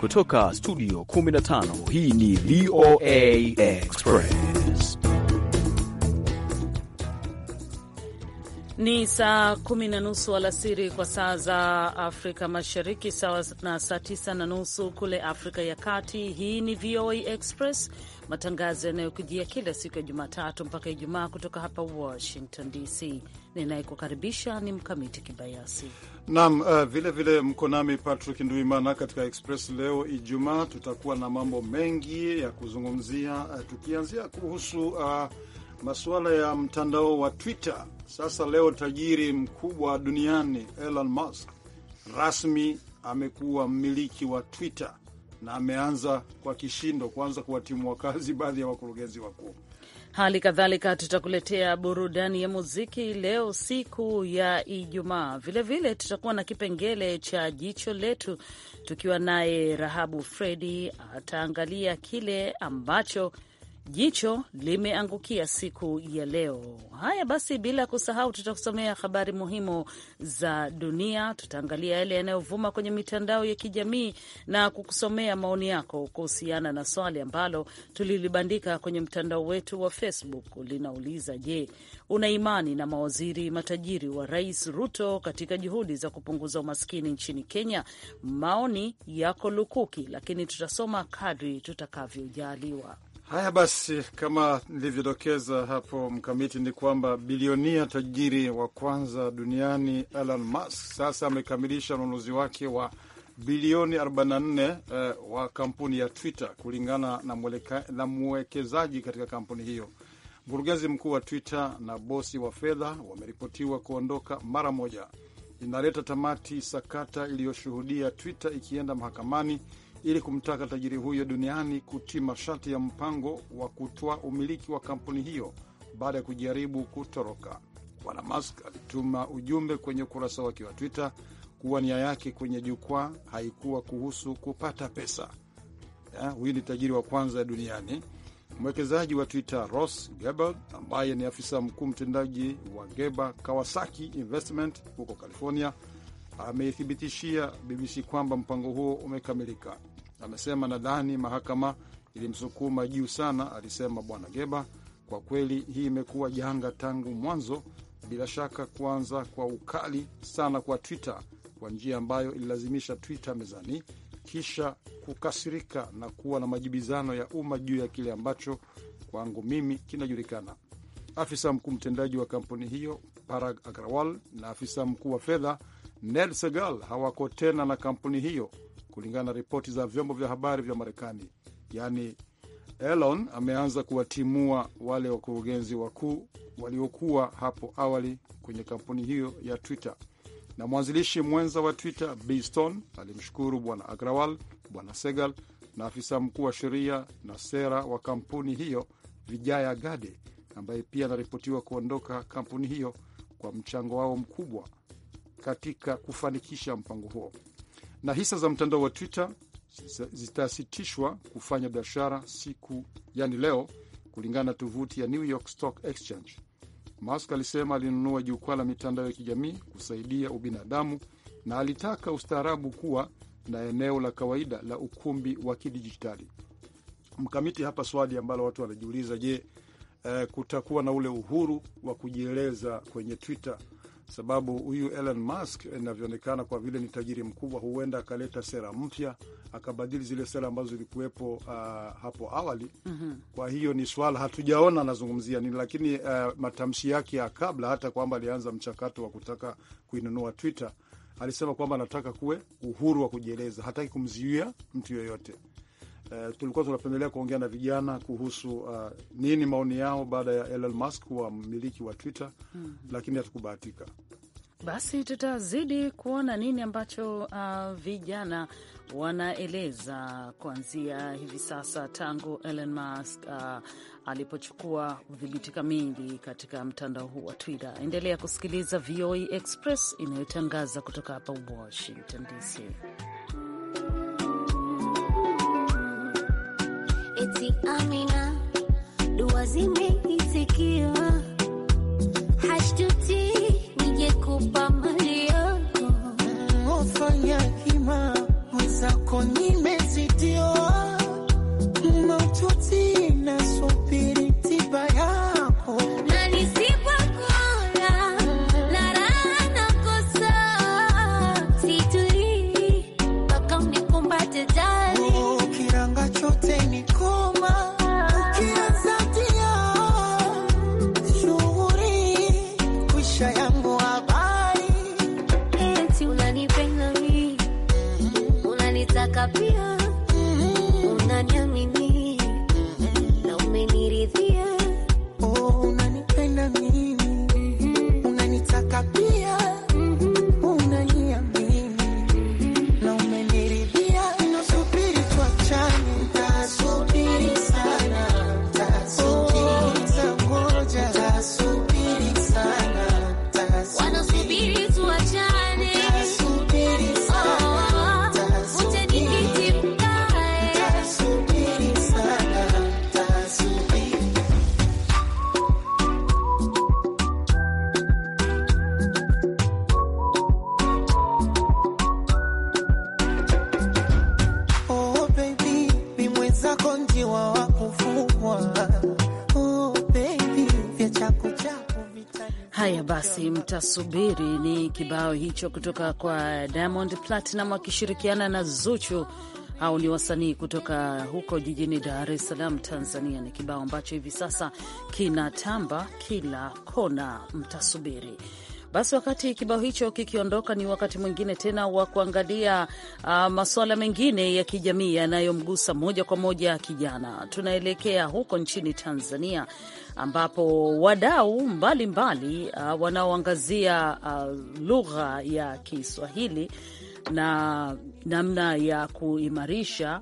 Kutoka studio 15 hii ni VOA Express. Ni saa kumi na nusu alasiri kwa saa za Afrika Mashariki, sawa na saa tisa na nusu kule Afrika ya Kati. Hii ni VOA Express matangazo yanayokujia kila siku ya Jumatatu mpaka Ijumaa kutoka hapa Washington DC. Ninayekukaribisha ni Mkamiti Kibayasi nam uh, vilevile mko nami Patrick Nduimana katika Express. Leo Ijumaa tutakuwa na mambo mengi ya kuzungumzia, uh, tukianzia kuhusu uh, masuala ya mtandao wa Twitter. Sasa leo tajiri mkubwa duniani Elon Musk rasmi amekuwa mmiliki wa Twitter na ameanza kwa kishindo kuanza kuwatimua kazi baadhi ya wakurugenzi wakuu. Hali kadhalika tutakuletea burudani ya muziki leo, siku ya Ijumaa. Vilevile tutakuwa na kipengele cha jicho letu, tukiwa naye Rahabu Fredi ataangalia kile ambacho jicho limeangukia siku ya leo. Haya basi, bila kusahau, tutakusomea habari muhimu za dunia, tutaangalia yale yanayovuma kwenye mitandao ya kijamii na kukusomea maoni yako kuhusiana na swali ambalo tulilibandika kwenye mtandao wetu wa Facebook. Linauliza, je, una imani na mawaziri matajiri wa Rais Ruto katika juhudi za kupunguza umaskini nchini Kenya? Maoni yako lukuki, lakini tutasoma kadri tutakavyojaliwa. Haya basi, kama nilivyodokeza hapo mkamiti, ni kwamba bilionia tajiri wa kwanza duniani Elon Musk sasa amekamilisha ununuzi wake wa bilioni 44 eh, wa kampuni ya Twitter kulingana na, na mwekezaji katika kampuni hiyo. Mkurugenzi mkuu wa Twitter na bosi wa fedha wameripotiwa kuondoka mara moja. Inaleta tamati sakata iliyoshuhudia Twitter ikienda mahakamani ili kumtaka tajiri huyo duniani kutii masharti ya mpango wa kutoa umiliki wa kampuni hiyo baada ya kujaribu kutoroka. Bwana Musk alituma ujumbe kwenye ukurasa wake wa Twitter kuwa nia yake kwenye jukwaa haikuwa kuhusu kupata pesa. Huyu ni tajiri wa kwanza duniani. Mwekezaji wa Twitter Ross Gebel, ambaye ni afisa mkuu mtendaji wa geba Kawasaki Investment huko California, ameithibitishia BBC kwamba mpango huo umekamilika. Amesema nadhani mahakama ilimsukuma juu sana, alisema Bwana Geba. Kwa kweli hii imekuwa janga tangu mwanzo, bila shaka kuanza kwa ukali sana kwa Twitter, kwa njia ambayo ililazimisha Twitter mezani, kisha kukasirika na kuwa na majibizano ya umma juu ya kile ambacho kwangu mimi kinajulikana. Afisa mkuu mtendaji wa kampuni hiyo Parag Agrawal na afisa mkuu wa fedha Ned Segal hawako tena na kampuni hiyo kulingana na ripoti za vyombo vya habari vya Marekani. Yaani, Elon ameanza kuwatimua wale wakurugenzi wakuu waliokuwa hapo awali kwenye kampuni hiyo ya Twitter. Na mwanzilishi mwenza wa Twitter B Stone alimshukuru Bwana Agrawal, Bwana Segal na afisa mkuu wa sheria na sera wa kampuni hiyo Vijaya Gade ambaye pia anaripotiwa kuondoka kampuni hiyo kwa mchango wao mkubwa katika kufanikisha mpango huo na hisa za mtandao wa Twitter zitasitishwa kufanya biashara siku yani leo, kulingana na tovuti ya New York Stock Exchange. Musk alisema alinunua jukwaa la mitandao ya kijamii kusaidia ubinadamu na alitaka ustaarabu kuwa na eneo la kawaida la ukumbi wa kidijitali. Mkamiti, hapa swali ambalo watu wanajiuliza, je, eh, kutakuwa na ule uhuru wa kujieleza kwenye Twitter sababu huyu Elon Musk inavyoonekana, kwa vile ni tajiri mkubwa, huenda akaleta sera mpya akabadili zile sera ambazo zilikuwepo uh, hapo awali mm -hmm. Kwa hiyo ni swala hatujaona anazungumzia nini, lakini uh, matamshi yake ya kabla, hata kwamba alianza mchakato wa kutaka kuinunua Twitter, alisema kwamba anataka kuwe uhuru wa kujieleza, hataki kumzuia mtu yoyote. Uh, tulikuwa tunapendelea kuongea na vijana kuhusu uh, nini maoni yao baada ya Elon Musk kuwa mmiliki wa Twitter mm -hmm. Lakini hatukubahatika. Basi tutazidi kuona nini ambacho uh, vijana wanaeleza kuanzia hivi sasa tangu Elon Musk uh, alipochukua udhibiti kamili katika mtandao huu wa Twitter. Endelea kusikiliza VOA e Express inayotangaza kutoka hapa Washington DC. Binti Amina, dua zimeisikiwa, hashtuti nije kupa mali yako, fanya hima mwenzako Tutasubiri ni kibao hicho kutoka kwa Diamond Platinum akishirikiana na Zuchu au ni wasanii kutoka huko jijini Dar es Salaam, Tanzania. Ni kibao ambacho hivi sasa kinatamba kila kona. Mtasubiri. Basi wakati kibao hicho kikiondoka, ni wakati mwingine tena wa kuangalia uh, ah, masuala mengine ya kijamii yanayomgusa moja kwa moja kijana. Tunaelekea huko nchini Tanzania ambapo wadau mbalimbali uh, wanaoangazia uh, lugha ya Kiswahili na namna ya kuimarisha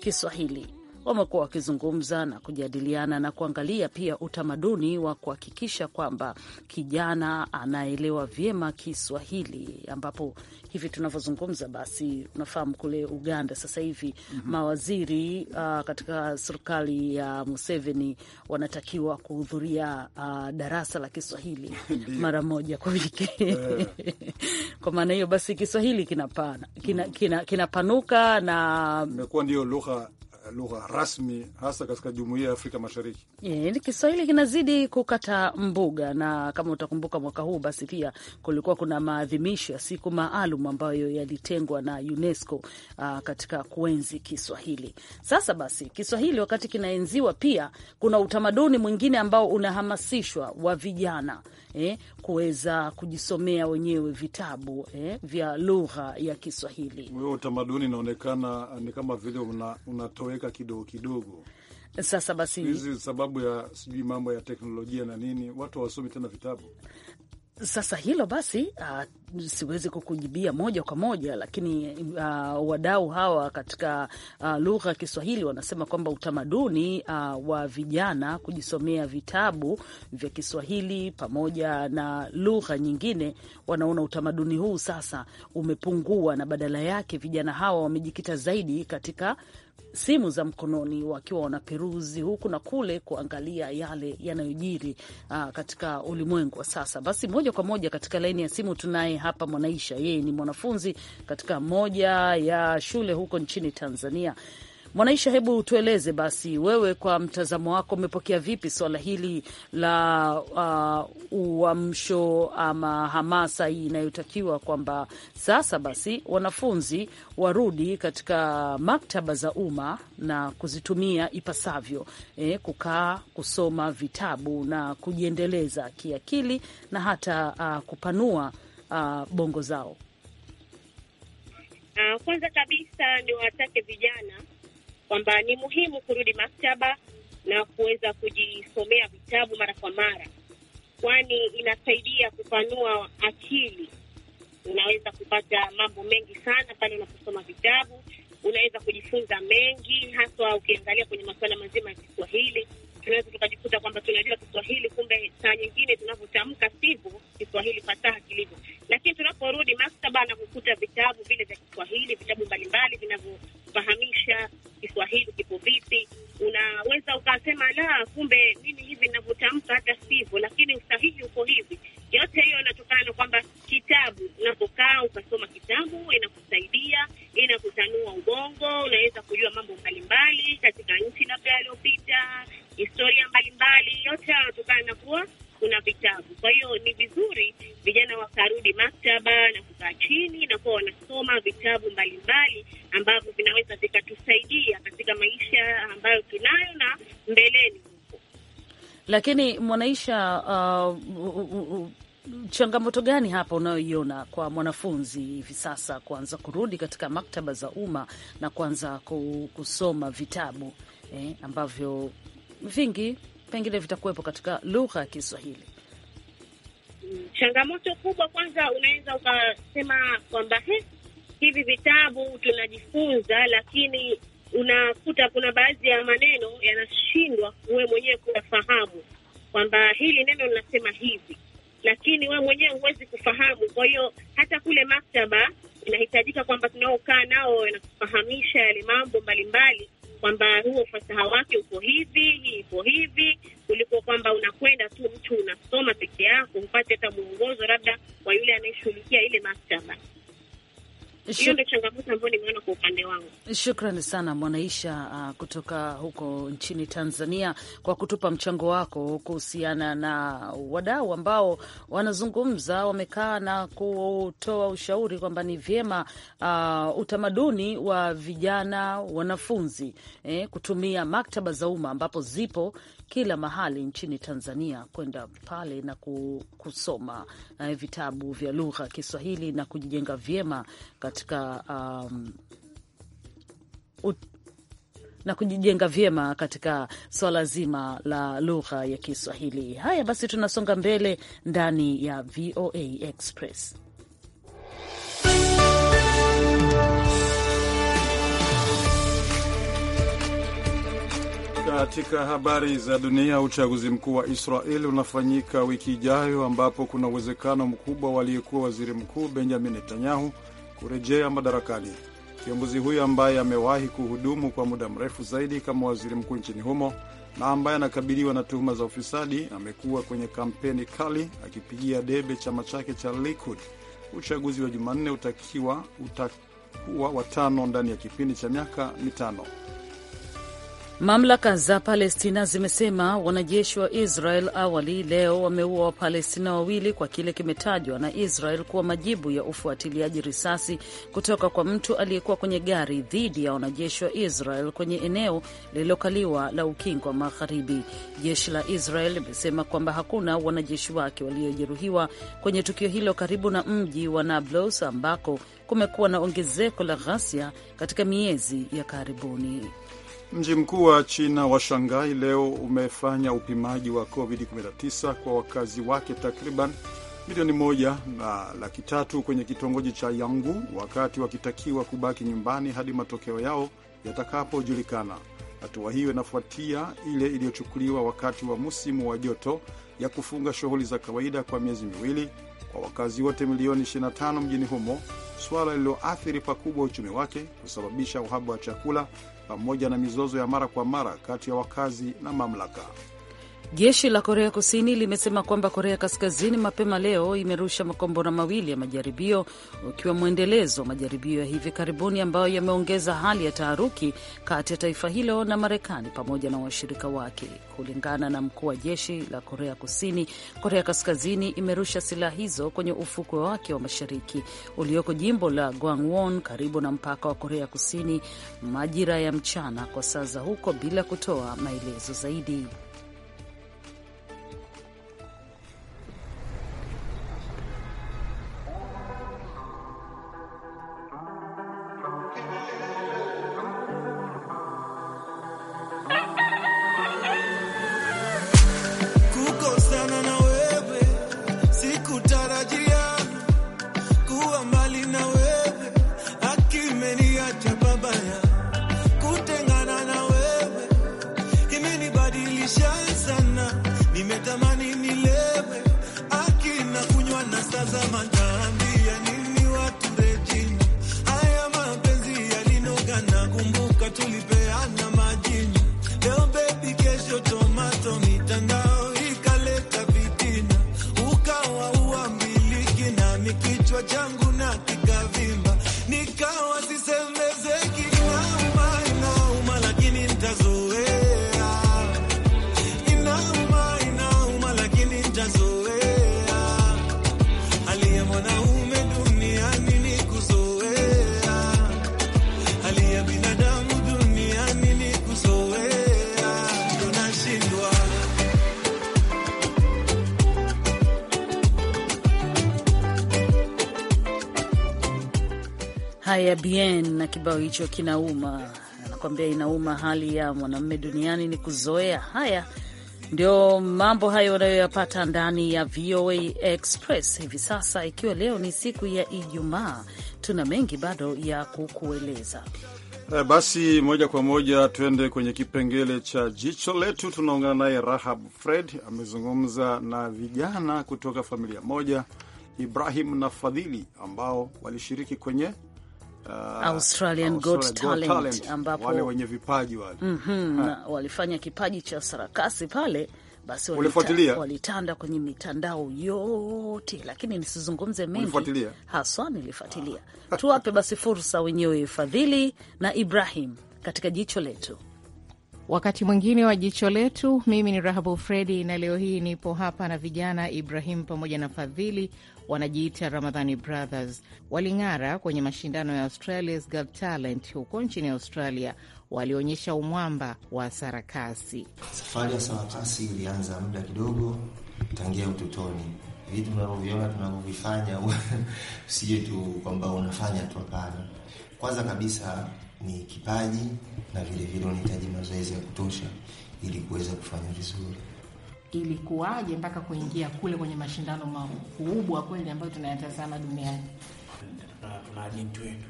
Kiswahili wamekuwa wakizungumza na kujadiliana na kuangalia pia utamaduni wa kuhakikisha kwamba kijana anaelewa vyema Kiswahili, ambapo hivi tunavyozungumza, basi unafahamu kule Uganda sasa hivi mm -hmm. mawaziri uh, katika serikali ya uh, Museveni wanatakiwa kuhudhuria uh, darasa la Kiswahili mara moja kwa wiki eh. kwa maana hiyo basi Kiswahili mm. kinapanuka kina, kina, kina na imekuwa ndiyo lugha lugha rasmi hasa katika jumuiya ya Afrika Mashariki. Yeah, Kiswahili kinazidi kukata mbuga, na kama utakumbuka mwaka huu basi pia kulikuwa kuna maadhimisho ya siku maalum ambayo yalitengwa na UNESCO uh, katika kuenzi Kiswahili. Sasa basi Kiswahili wakati kinaenziwa, pia kuna utamaduni mwingine ambao unahamasishwa wa vijana eh, kuweza kujisomea wenyewe vitabu eh, vya lugha ya Kiswahili. Huyo utamaduni inaonekana ni kama vile unatoa una wanaweka kidogo kidogo. Sasa basi, hizi sababu ya sijui mambo ya teknolojia na nini, watu hawasomi tena vitabu. Sasa hilo basi, uh, siwezi kukujibia moja kwa moja, lakini uh, wadau hawa katika uh, lugha ya Kiswahili wanasema kwamba utamaduni uh, wa vijana kujisomea vitabu vya Kiswahili pamoja na lugha nyingine, wanaona utamaduni huu sasa umepungua, na badala yake vijana hawa wamejikita zaidi katika simu za mkononi wakiwa wanaperuzi huku na kule kuangalia yale yanayojiri uh, katika ulimwengu wa sasa. Basi moja kwa moja katika laini ya simu tunaye hapa Mwanaisha, yeye ni mwanafunzi katika moja ya shule huko nchini Tanzania. Mwanaisha, hebu tueleze basi, wewe kwa mtazamo wako umepokea vipi swala hili la uh, uamsho ama hamasa hii inayotakiwa kwamba sasa basi wanafunzi warudi katika maktaba za umma na kuzitumia ipasavyo, eh, kukaa kusoma vitabu na kujiendeleza kiakili na hata uh, kupanua uh, bongo zao. Uh, kwanza kabisa ni watake vijana kwamba ni muhimu kurudi maktaba na kuweza kujisomea vitabu mara kwa mara, kwani inasaidia kupanua akili. Unaweza kupata mambo mengi sana pale unaposoma vitabu, unaweza kujifunza mengi, haswa ukiangalia kwenye masuala mazima ya Kiswahili tunaweza tukajikuta kwamba tunajua Kiswahili, kumbe saa nyingine tunavyotamka sivyo Kiswahili fasaha kilivyo. Lakini tunaporudi maktaba na kukuta vitabu vile vya Kiswahili, vitabu mbalimbali vinavyofahamisha Kiswahili kipo vipi, unaweza ukasema la, kumbe mimi hivi ninavyotamka hata sivyo, lakini usahihi uko hivi. Yote hiyo inatokana kwamba kitabu, unapokaa ukasoma kitabu, inakusaidia inakutanua ubongo, unaweza kujua mambo mbalimbali katika nchi labda yaliyopita historia mbalimbali, yote yanatokana na kuwa kuna vitabu. Kwa hiyo ni vizuri vijana wakarudi maktaba na kukaa chini na kuwa wanasoma vitabu mbalimbali ambavyo vinaweza vikatusaidia katika maisha ambayo tunayo na mbeleni huko. Lakini Mwanaisha, uh, changamoto gani hapa unayoiona kwa mwanafunzi hivi sasa kuanza kurudi katika maktaba za umma na kuanza kusoma vitabu eh, ambavyo vingi pengine vitakuwepo katika lugha ya Kiswahili. Changamoto kubwa kwanza, unaweza ukasema kwamba hivi vitabu tunajifunza, lakini unakuta kuna baadhi ya maneno yanashindwa wewe mwenyewe kuyafahamu kwamba hili neno linasema hivi, lakini wewe mwenyewe huwezi kufahamu. Kwa hiyo hata kule maktaba inahitajika kwamba tunaokaa nao wanakufahamisha yale mambo mbalimbali kwamba huo ufasaha wake uko hivi, hii iko hivi, kuliko kwamba unakwenda tu mtu unasoma peke yako, hupate hata mwongozo labda kwa yule anayeshughulikia ile maktaba hiyo ndio changamoto ambayo nimeona kwa upande wangu. Shukrani sana Mwanaisha uh, kutoka huko nchini Tanzania kwa kutupa mchango wako kuhusiana na wadau ambao wanazungumza, wamekaa na kutoa ushauri kwamba ni vyema uh, utamaduni wa vijana wanafunzi eh, kutumia maktaba za umma ambapo zipo kila mahali nchini Tanzania kwenda pale na kusoma uh, vitabu vya lugha Kiswahili na kujijenga vyema katika um, ut na kujijenga vyema katika swala zima la lugha ya Kiswahili. Haya basi, tunasonga mbele ndani ya VOA Express. Katika habari za dunia, uchaguzi mkuu wa israel unafanyika wiki ijayo, ambapo kuna uwezekano mkubwa waliyekuwa waziri mkuu Benjamin Netanyahu kurejea madarakani. Kiongozi huyo ambaye amewahi kuhudumu kwa muda mrefu zaidi kama waziri mkuu nchini humo na ambaye anakabiliwa na tuhuma za ufisadi amekuwa kwenye kampeni kali akipigia debe chama chake cha Likud. Uchaguzi wa Jumanne utakiwa utakuwa watano ndani ya kipindi cha miaka mitano. Mamlaka za Palestina zimesema wanajeshi wa Israel awali leo wameua Wapalestina wawili kwa kile kimetajwa na Israel kuwa majibu ya ufuatiliaji risasi kutoka kwa mtu aliyekuwa kwenye gari dhidi ya wanajeshi wa Israel kwenye eneo lililokaliwa la Ukingo wa Magharibi. Jeshi la Israel limesema kwamba hakuna wanajeshi wake waliojeruhiwa kwenye tukio hilo karibu na mji wa Nablus ambako kumekuwa na ongezeko la ghasia katika miezi ya karibuni. Mji mkuu wa China wa Shanghai leo umefanya upimaji wa COVID-19 kwa wakazi wake takriban milioni moja na laki tatu kwenye kitongoji cha Yangu, wakati wakitakiwa kubaki nyumbani hadi matokeo yao yatakapojulikana. Hatua hiyo inafuatia ile iliyochukuliwa wakati wa msimu wa joto ya kufunga shughuli za kawaida kwa miezi miwili kwa wakazi wote milioni 25 mjini humo, suala lililoathiri pakubwa uchumi wake, kusababisha uhaba wa chakula pamoja na mizozo ya mara kwa mara kati ya wakazi na mamlaka. Jeshi la Korea Kusini limesema kwamba Korea Kaskazini mapema leo imerusha makombora mawili ya majaribio, ukiwa mwendelezo wa majaribio ya hivi karibuni ambayo yameongeza hali ya taharuki kati ya taifa hilo na Marekani pamoja na washirika wake. Kulingana na mkuu wa jeshi la Korea Kusini, Korea Kaskazini imerusha silaha hizo kwenye ufukwe wake wa mashariki ulioko jimbo la Gwangwon karibu na mpaka wa Korea Kusini majira ya mchana kwa saa za huko, bila kutoa maelezo zaidi. kichwa changu na kikavimba, nikawa sisemi Haya, Bien na kibao hicho kinauma, anakuambia inauma. Hali ya mwanamume duniani ni kuzoea. Haya ndio mambo hayo wanayoyapata ndani ya VOA Express hivi sasa, ikiwa leo ni siku ya Ijumaa. Tuna mengi bado ya kukueleza. Eh, basi moja kwa moja tuende kwenye kipengele cha jicho letu. Tunaungana naye Rahab Fred, amezungumza na vijana kutoka familia moja, Ibrahim na Fadhili, ambao walishiriki kwenye uh, Australian Got Talent, Talent, ambapo wale wenye vipaji wale mm -hmm, walifanya kipaji cha sarakasi pale basi walita, walitanda kwenye mitandao yote, lakini nisizungumze mengi, haswa nilifuatilia. Ah. Tuwape basi fursa wenyewe, Fadhili na Ibrahim, katika jicho letu, wakati mwingine wa jicho letu. Mimi ni Rahabu Fredi, na leo hii nipo hapa na vijana Ibrahim pamoja na Fadhili wanajiita Ramadhani Brothers waling'ara kwenye mashindano ya Australia's Got Talent huko nchini Australia. Walionyesha umwamba wa sarakasi. Safari ya sarakasi ilianza muda kidogo, tangia utotoni. Vitu tunavyoviona tunavyovifanya, usije tu kwamba unafanya tu, hapana. Kwanza kabisa ni kipaji na vilevile unahitaji mazoezi ya kutosha ili kuweza kufanya vizuri ilikuwaje mpaka kuingia kule kwenye mashindano makubwa kweli ambayo tunayatazama duniani. Tuna agent wetu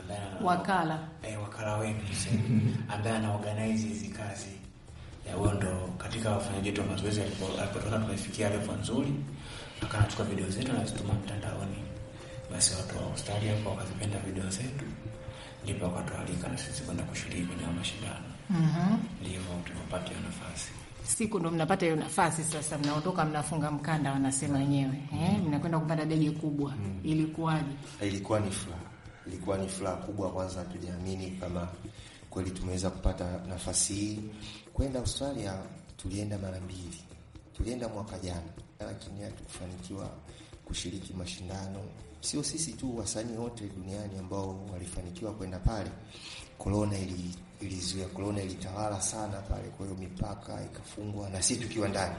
ambaye wakala eh, wakala wetu ambaye ana organize hizi kazi ya wao, ndo katika wafanyaji wetu wa mazoezi alipotoka, tumefikia level nzuri, akanachukua video zetu na zituma mtandaoni, basi watu wa Australia kwa wakazipenda video zetu, ndipo wakatualika na sisi kwenda kushiriki kwenye mashindano. Mhm, ndivyo tulipata nafasi siku ndo mnapata hiyo nafasi sasa, mnaondoka mnafunga mkanda, wanasema wenyewe eh, mnakwenda kupanda ndege kubwa. Hmm. Ilikuwaje? Eh, ilikuwa ni furaha, ilikuwa ni furaha kubwa. Kwanza tujaamini kama kweli tumeweza kupata nafasi hii kwenda Australia. Tulienda mara mbili, tulienda mwaka jana, lakini hatukufanikiwa kushiriki mashindano. Sio sisi tu, wasanii wote duniani ambao walifanikiwa kwenda pale korona ili ilizuia korona ilitawala sana pale, kwa hiyo mipaka ikafungwa na sisi tukiwa ndani,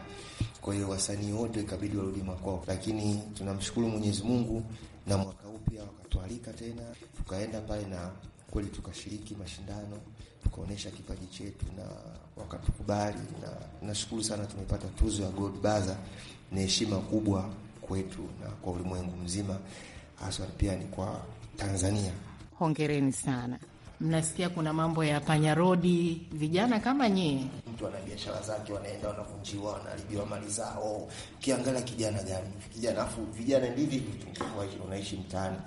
kwa hiyo wasanii wote ikabidi warudi makwao, lakini tunamshukuru Mwenyezi Mungu na mwaka upya wakatualika tena, tukaenda pale na kweli tukashiriki mashindano tukaonyesha kipaji chetu na wakatukubali, na nashukuru sana, tumepata tuzo ya Gold Buzzer. Ni heshima kubwa kwetu na kwa ulimwengu mzima, haswa pia ni kwa Tanzania. Hongereni sana mnasikia kuna mambo ya panyarodi, vijana kama nyie, mtu ana biashara zake, wanaenda wanavunjiwa, wanaribiwa mali zao. Ukiangalia kijana gani, kijana afu vijana ndivi vitu unaishi mtaani,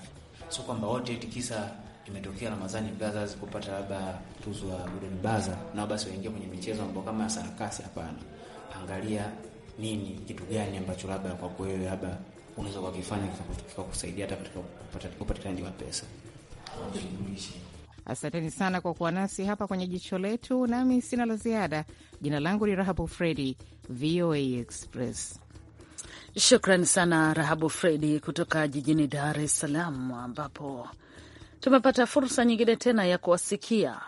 sio kwamba wote eti kisa imetokea Ramadhani Brothers kupata labda tuzo ya Golden Buzzer na basi waingia kwenye michezo ambao kama sarakasi. Hapana, angalia nini, kitu gani ambacho labda kwa kweli labda unaweza kukifanya kikakusaidia hata katika kupata upatikanaji wa pesa. Asanteni sana kwa kuwa nasi hapa kwenye jicho letu, nami sina la ziada. Jina langu ni Rahabu Fredi, VOA Express. Shukran sana Rahabu Fredi kutoka jijini Dar es Salaam, ambapo tumepata fursa nyingine tena ya kuwasikia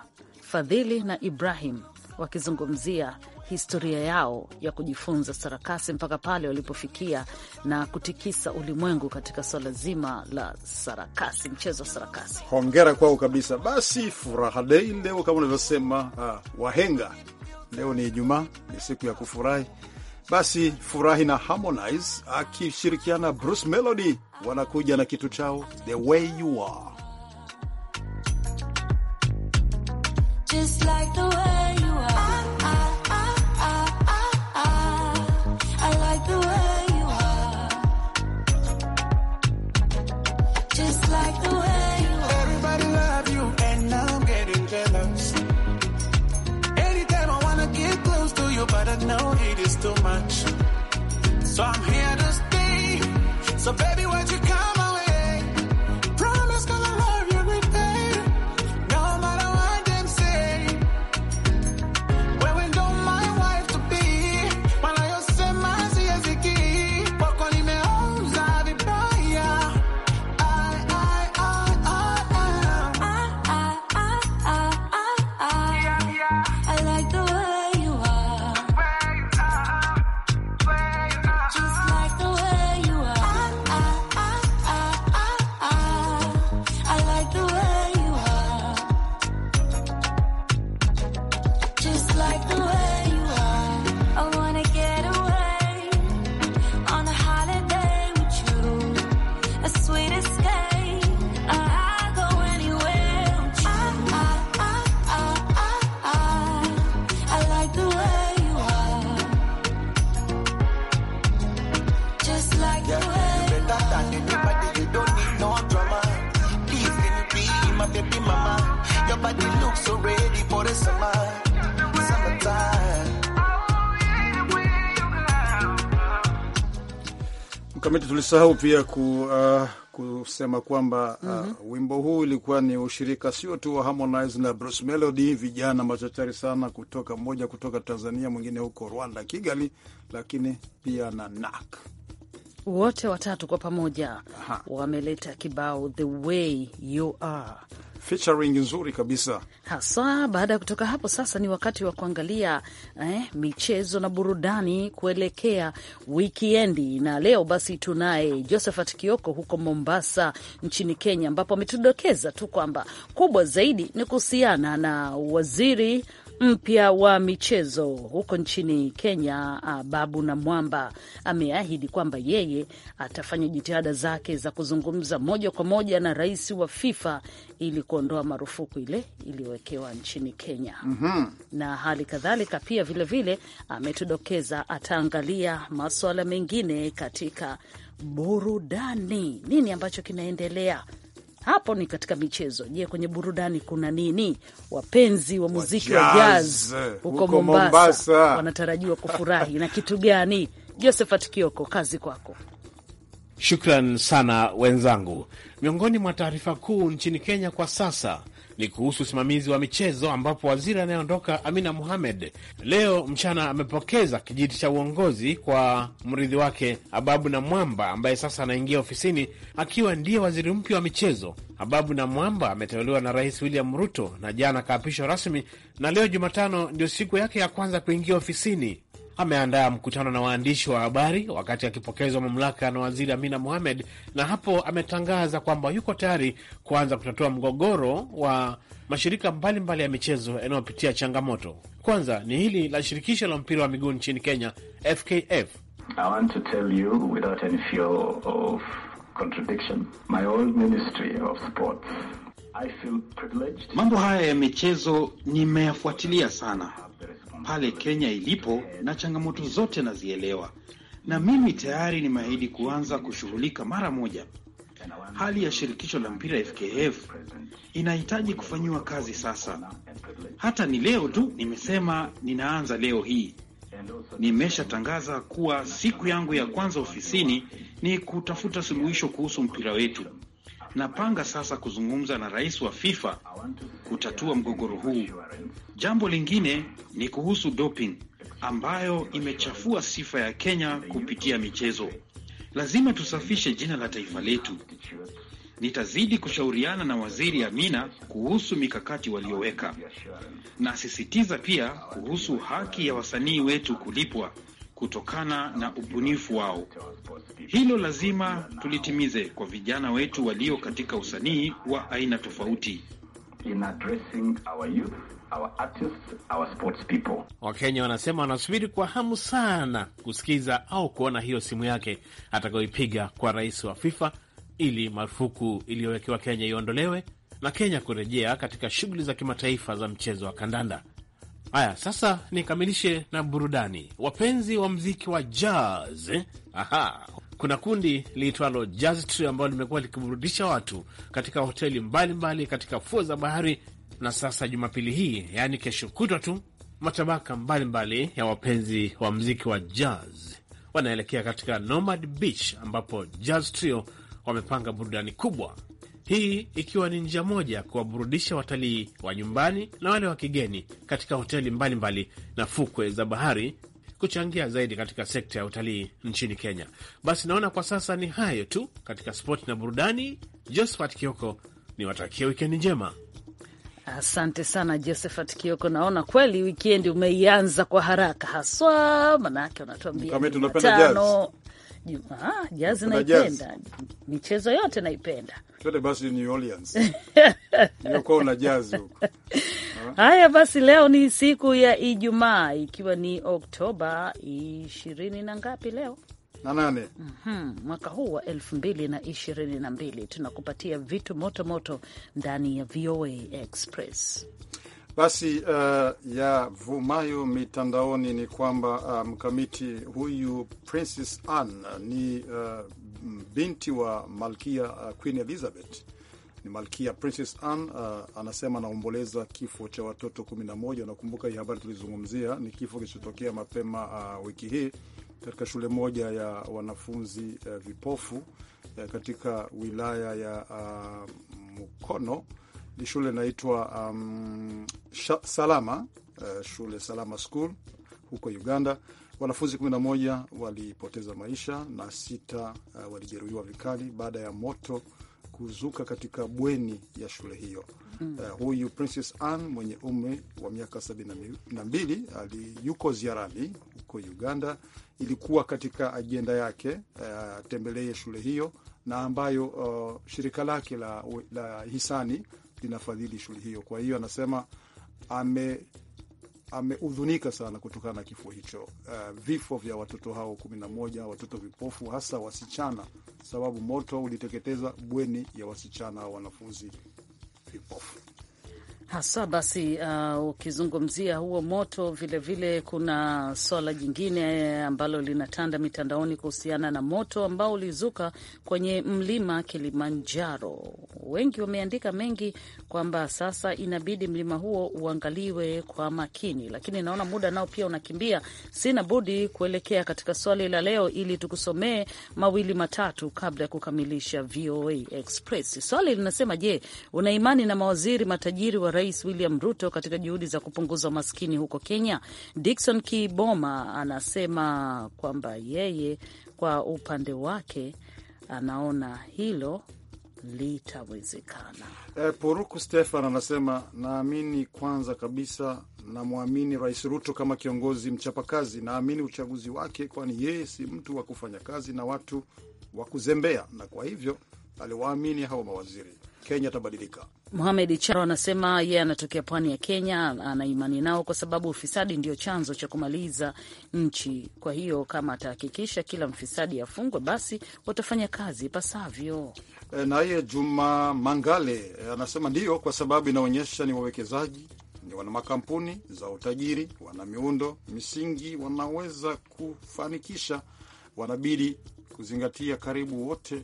Fadhili na Ibrahim wakizungumzia historia yao ya kujifunza sarakasi mpaka pale walipofikia na kutikisa ulimwengu katika swala zima la sarakasi, mchezo wa sarakasi. Hongera kwao kabisa. Basi furaha dei leo kama unavyosema uh, wahenga, leo ni Ijumaa, ni siku ya kufurahi. Basi furahi na Harmonize akishirikiana Bruce Melody wanakuja na kitu chao the way you are Just like the way you are. So baby Usisahau pia ku, uh, kusema kwamba uh, mm -hmm. wimbo huu ulikuwa ni ushirika sio tu wa Harmonize na Bruce Melody, vijana machachari sana, kutoka mmoja kutoka Tanzania, mwingine huko Rwanda Kigali, lakini pia na NAK wote watatu kwa pamoja wameleta kibao the way you are featuring nzuri kabisa haswa. Baada ya kutoka hapo, sasa ni wakati wa kuangalia eh, michezo na burudani kuelekea wikiendi, na leo basi tunaye Josephat Kioko huko Mombasa nchini Kenya, ambapo ametudokeza tu kwamba kubwa zaidi ni kuhusiana na waziri mpya wa michezo huko nchini Kenya, Babu na Mwamba ameahidi kwamba yeye atafanya jitihada zake za kuzungumza moja kwa moja na rais wa FIFA ili kuondoa marufuku ile iliyowekewa nchini Kenya. mm -hmm. Na hali kadhalika pia vilevile ametudokeza ataangalia masuala mengine katika burudani, nini ambacho kinaendelea hapo ni katika michezo. Je, kwenye burudani kuna nini? Wapenzi wa muziki wa jazz huko Mombasa, Mombasa wanatarajiwa kufurahi na kitu gani? Josephat Kioko, kazi kwako. Shukran sana wenzangu. Miongoni mwa taarifa kuu nchini Kenya kwa sasa ni kuhusu usimamizi wa michezo, ambapo waziri anayeondoka Amina Mohamed leo mchana amepokeza kijiti cha uongozi kwa mrithi wake Ababu na Mwamba ambaye sasa anaingia ofisini akiwa ndiye waziri mpya wa michezo. Ababu na Mwamba ameteuliwa na Rais William Ruto na jana akaapishwa rasmi, na leo Jumatano ndio siku yake ya kwanza kuingia ofisini ameandaa mkutano na waandishi wa habari wakati akipokezwa mamlaka na waziri Amina Mohamed, na hapo ametangaza kwamba yuko tayari kuanza kutatua mgogoro wa mashirika mbalimbali mbali ya michezo yanayopitia changamoto. Kwanza ni hili la shirikisho la mpira wa miguu nchini Kenya, FKF. I want to tell you without any fear of contradiction, my old ministry of sports. I feel privileged. Mambo haya ya michezo nimeyafuatilia sana pale Kenya ilipo na changamoto zote nazielewa, na mimi tayari nimeahidi kuanza kushughulika mara moja. Hali ya shirikisho la mpira FKF inahitaji kufanyiwa kazi sasa. Hata ni leo tu nimesema ninaanza leo hii. Nimeshatangaza kuwa siku yangu ya kwanza ofisini ni kutafuta suluhisho kuhusu mpira wetu. Napanga sasa kuzungumza na rais wa FIFA kutatua mgogoro huu. Jambo lingine ni kuhusu doping ambayo imechafua sifa ya Kenya kupitia michezo. Lazima tusafishe jina la taifa letu. Nitazidi kushauriana na waziri Amina kuhusu mikakati walioweka. Nasisitiza pia kuhusu haki ya wasanii wetu kulipwa kutokana na ubunifu wao. Hilo lazima tulitimize kwa vijana wetu walio katika usanii wa aina tofauti. Wakenya wanasema wanasubiri kwa hamu sana kusikiza au kuona hiyo simu yake atakayoipiga kwa rais wa FIFA ili marufuku iliyowekewa Kenya iondolewe na Kenya kurejea katika shughuli za kimataifa za mchezo wa kandanda. Haya, sasa nikamilishe na burudani. Wapenzi wa mziki wa jazz, aha, kuna kundi liitwalo Jazz Trio ambalo limekuwa likiburudisha watu katika hoteli mbalimbali mbali, katika fuo za bahari, na sasa Jumapili hii, yaani kesho kutwa tu, matabaka mbalimbali mbali ya wapenzi wa mziki wa jazz wanaelekea katika Nomad Beach ambapo Jazz Trio wamepanga burudani kubwa hii ikiwa ni njia moja kuwaburudisha watalii wa nyumbani na wale wa kigeni katika hoteli mbalimbali mbali na fukwe za bahari kuchangia zaidi katika sekta ya utalii nchini Kenya. Basi naona kwa sasa ni hayo tu katika spoti na burudani. Josephat Kioko ni watakia wikendi njema. Asante sana Josephat Kioko, naona kweli wikendi umeianza kwa haraka haswa, manake unatuambia Ah, jazi naipenda, michezo yote naipenda. Twende basi New Orleans una jazi huko. Haya basi, leo ni siku ya Ijumaa, ikiwa ni Oktoba ishirini na ngapi leo na nane. Mm -hmm. Mwaka huu wa elfu mbili na ishirini na mbili tunakupatia vitu motomoto ndani ya VOA Express. Basi uh, ya vumayo mitandaoni ni kwamba uh, mkamiti um, huyu Princess Anne uh, ni uh, binti wa malkia uh, Queen Elizabeth ni malkia Princess Anne uh, anasema anaomboleza kifo cha watoto 11. Nakumbuka hii habari tulizungumzia, ni kifo kilichotokea mapema uh, wiki hii katika shule moja ya wanafunzi uh, vipofu uh, katika wilaya ya uh, Mukono ni shule inaitwa um, Salama uh, shule Salama School huko Uganda. Wanafunzi 11 walipoteza maisha na sita uh, walijeruhiwa vikali baada ya moto kuzuka katika bweni ya shule hiyo. Mm. Uh, huyu Princess Anne mwenye umri wa miaka 72 ali yuko ziarani huko Uganda. Ilikuwa katika ajenda yake atembelee uh, shule hiyo na ambayo uh, shirika lake la, la hisani linafadhili shughuli hiyo. Kwa hiyo anasema ame ameudhunika sana kutokana na kifo hicho. Uh, vifo vya watoto hao kumi na moja, watoto vipofu, hasa wasichana, sababu moto uliteketeza bweni ya wasichana au wanafunzi vipofu hasa basi. Uh, ukizungumzia huo moto, vilevile vile kuna swala jingine eh, ambalo linatanda mitandaoni kuhusiana na moto ambao ulizuka kwenye mlima Kilimanjaro. Wengi wameandika mengi kwamba sasa inabidi mlima huo uangaliwe kwa makini, lakini naona muda nao pia unakimbia. Sina budi kuelekea katika swali la leo ili tukusomee mawili matatu kabla ya kukamilisha VOA Express. Swali linasema, je, una imani na mawaziri matajiri wa Rais William Ruto katika juhudi za kupunguza umaskini huko Kenya. dikson Kiboma anasema kwamba yeye kwa upande wake anaona hilo litawezekana. E, Puruku Stefan anasema naamini, kwanza kabisa namwamini Rais Ruto kama kiongozi mchapakazi. Naamini uchaguzi wake, kwani yeye si mtu wa kufanya kazi na watu wa kuzembea, na kwa hivyo aliwaamini hao mawaziri. Kenya atabadilika. Mohamed Charo anasema yeye anatokea pwani ya Kenya, ana imani nao kwa sababu ufisadi ndio chanzo cha kumaliza nchi. Kwa hiyo kama atahakikisha kila mfisadi afungwe, basi watafanya kazi ipasavyo. E, naye Juma Mangale e, anasema ndiyo, kwa sababu inaonyesha ni wawekezaji ni wana makampuni za utajiri, wana miundo misingi, wanaweza kufanikisha. Wanabidi kuzingatia karibu wote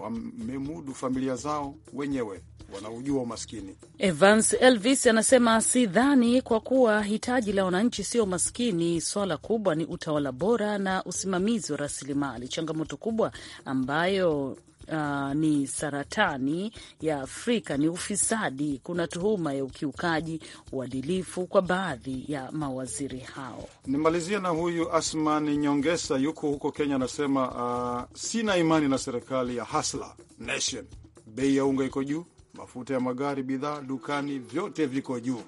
wamemudu familia zao wenyewe, wanaujua umaskini. Evans Elvis anasema sidhani, kwa kuwa hitaji la wananchi sio umaskini. Swala kubwa ni utawala bora na usimamizi wa rasilimali, changamoto kubwa ambayo uh, ni saratani ya Afrika ni ufisadi. Kuna tuhuma ya ukiukaji uadilifu kwa baadhi ya mawaziri hao. Nimalizia na huyu Asman Nyongesa, yuko huko Kenya, anasema uh, sina imani na serikali ya hasla nation. Bei ya unga iko juu, mafuta ya magari, bidhaa dukani, vyote viko juu.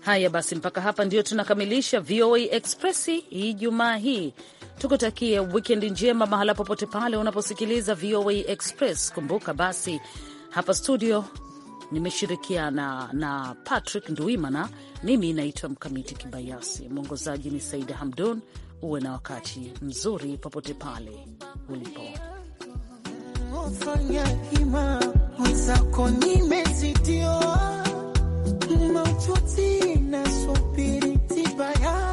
Haya basi, mpaka hapa ndio tunakamilisha VOA Express Ijumaa hii tukutakie wikendi njema mahala popote pale unaposikiliza VOA Express. Kumbuka basi hapa studio nimeshirikiana na Patrick Nduimana, mimi naitwa Mkamiti Kibayasi, mwongozaji ni Saida Hamdun. Uwe na wakati mzuri popote pale ulipo. Fanya hima mwenzako, machozi tiba